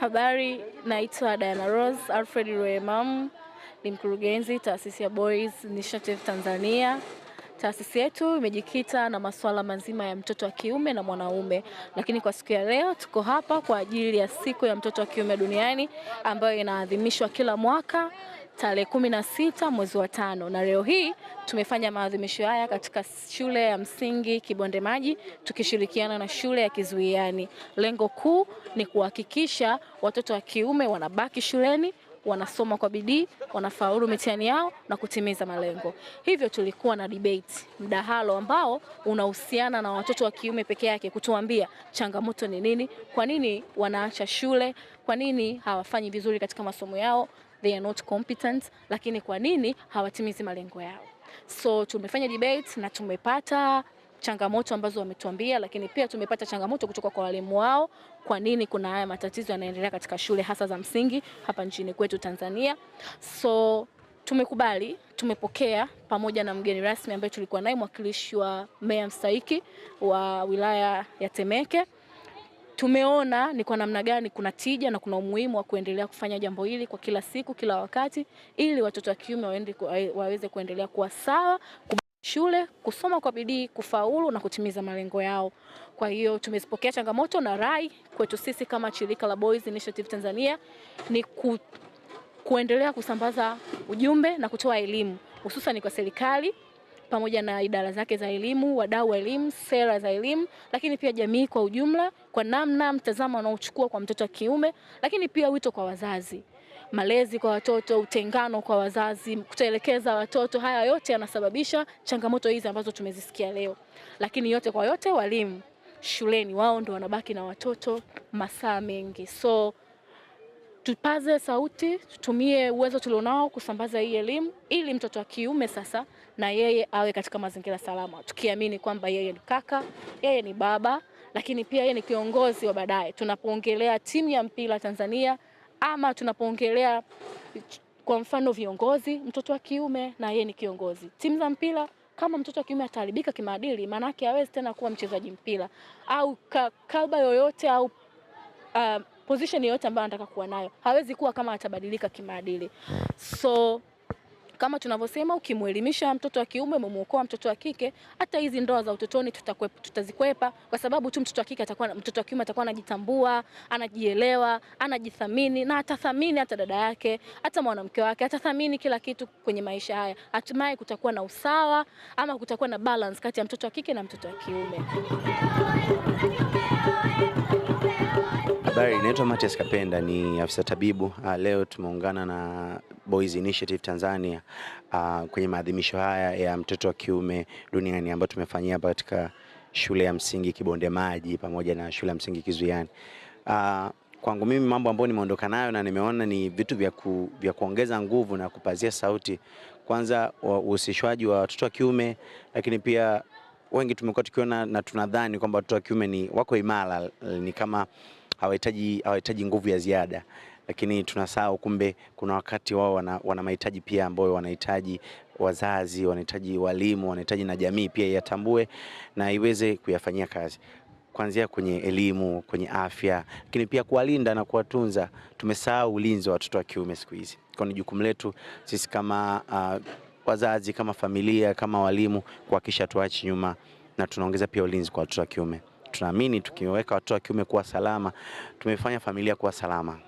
Habari, naitwa Diana Rose Alfred Roemamu, ni mkurugenzi taasisi ya Boys Initiative Tanzania. Taasisi yetu imejikita na masuala mazima ya mtoto wa kiume na mwanaume, lakini kwa siku ya leo tuko hapa kwa ajili ya siku ya mtoto wa kiume duniani ambayo inaadhimishwa kila mwaka tarehe kumi na sita mwezi wa tano, na leo hii tumefanya maadhimisho haya katika shule ya msingi Kibonde Maji tukishirikiana na shule ya Kizuiani. Lengo kuu ni kuhakikisha watoto wa kiume wanabaki shuleni wanasoma kwa bidii, wanafaulu mitihani yao na kutimiza malengo. Hivyo tulikuwa na debate, mdahalo ambao unahusiana na watoto wa kiume peke yake, kutuambia changamoto ni nini, kwa nini wanaacha shule, kwa nini hawafanyi vizuri katika masomo yao they are not competent, lakini kwa nini hawatimizi malengo yao? So tumefanya debate na tumepata changamoto ambazo wametuambia, lakini pia tumepata changamoto kutoka kwa walimu wao, kwa nini kuna haya matatizo yanaendelea katika shule hasa za msingi hapa nchini kwetu Tanzania. So tumekubali, tumepokea pamoja na mgeni rasmi ambaye tulikuwa naye mwakilishi wa meya mstahiki wa wilaya ya Temeke tumeona ni kwa namna gani kuna tija na kuna umuhimu wa kuendelea kufanya jambo hili kwa kila siku, kila wakati, ili watoto wa kiume waweze kuendelea kuwa sawa shule kusoma kwa bidii, kufaulu na kutimiza malengo yao. Kwa hiyo tumezipokea changamoto na rai kwetu sisi kama shirika la Boys Initiative Tanzania ni ku, kuendelea kusambaza ujumbe na kutoa elimu hususan kwa serikali pamoja na idara zake za elimu, wadau wa elimu, sera za elimu, lakini pia jamii kwa ujumla kwa namna mtazamo wanaochukua kwa mtoto wa kiume, lakini pia wito kwa wazazi malezi kwa watoto, utengano kwa wazazi, kutelekeza watoto. Haya yote yanasababisha changamoto hizi ambazo tumezisikia leo, lakini yote kwa yote, walimu shuleni wao ndo wanabaki na watoto masaa mengi, so tupaze sauti, tutumie uwezo tulionao kusambaza hii elimu ili mtoto wa kiume sasa na yeye awe katika mazingira salama, tukiamini kwamba yeye ni kaka, yeye ni baba, lakini pia yeye ni kiongozi wa baadaye. Tunapoongelea timu ya mpira Tanzania ama tunapoongelea kwa mfano viongozi, mtoto wa kiume na yeye ni kiongozi timu za mpira kama mtoto wa kiume ataharibika kimaadili, yake hawezi tena kuwa mchezaji mpira au kalba yoyote au uh, position yoyote ambayo anataka kuwa nayo, hawezi kuwa kama atabadilika kimaadili so kama tunavyosema, ukimwelimisha mtoto wa kiume umemwokoa mtoto wa kike. Hata hizi ndoa za utotoni tutazikwepa, kwa sababu tu mtoto wa kike atakuwa, mtoto wa kiume atakuwa anajitambua, anajielewa, anajithamini na atathamini hata dada yake, hata mwanamke wake, atathamini kila kitu kwenye maisha haya. Hatimaye kutakuwa na usawa ama kutakuwa na balance kati ya mtoto wa kike na mtoto wa kiume. Habari, naitwa Matias Kapenda ni afisa tabibu. Uh, Leo tumeungana na Boys Initiative Tanzania uh, kwenye maadhimisho haya ya mtoto wa kiume duniani ambayo tumefanyia hapa katika shule ya msingi Kibonde Maji pamoja na shule ya msingi Kizuiani. Uh, kwangu mimi mambo ambayo nimeondoka nayo na nimeona ni vitu vya, ku, vya kuongeza nguvu na kupazia sauti, kwanza uhusishwaji wa watoto wa kiume, lakini pia wengi tumekuwa tukiona na tunadhani kwamba watoto wa kiume ni wako imara, ni kama hawahitaji hawahitaji nguvu ya ziada, lakini tunasahau kumbe kuna wakati wao wana, wana mahitaji pia ambayo wanahitaji wazazi, wanahitaji walimu, wanahitaji na jamii pia yatambue na iweze kuyafanyia kazi kuanzia kwenye elimu, kwenye afya, lakini pia kuwalinda na kuwatunza. Tumesahau ulinzi wa watoto wa kiume siku hizi, kwa ni jukumu letu sisi kama uh, wazazi, kama familia, kama walimu kuhakikisha tuachi nyuma na tunaongeza pia ulinzi kwa watoto wa kiume tunaamini tukiweka watoto wa kiume kuwa salama, tumefanya familia kuwa salama.